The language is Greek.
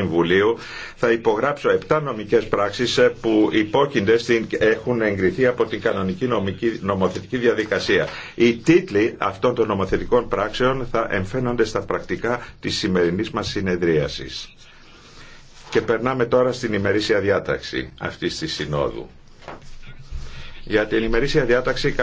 Συμβουλίου θα υπογράψω 7 νομικές πράξεις ε, που υπόκεινται στην, έχουν εγκριθεί από την κανονική νομοθετική διαδικασία. Οι τίτλοι αυτών των νομοθετικών πράξεων θα εμφαίνονται στα πρακτικά της σημερινής μας συνεδρίασης. Και περνάμε τώρα στην ημερήσια διάταξη αυτής της Συνόδου. Για την ημερήσια διάταξη